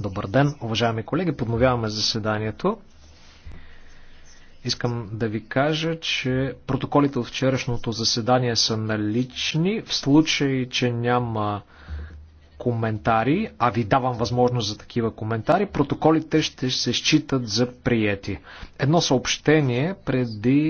Добър ден, уважаеми колеги. Подновяваме заседанието. Искам да ви кажа, че протоколите от вчерашното заседание са налични. В случай, че няма коментари, а ви давам възможност за такива коментари, протоколите ще се считат за приети. Едно съобщение преди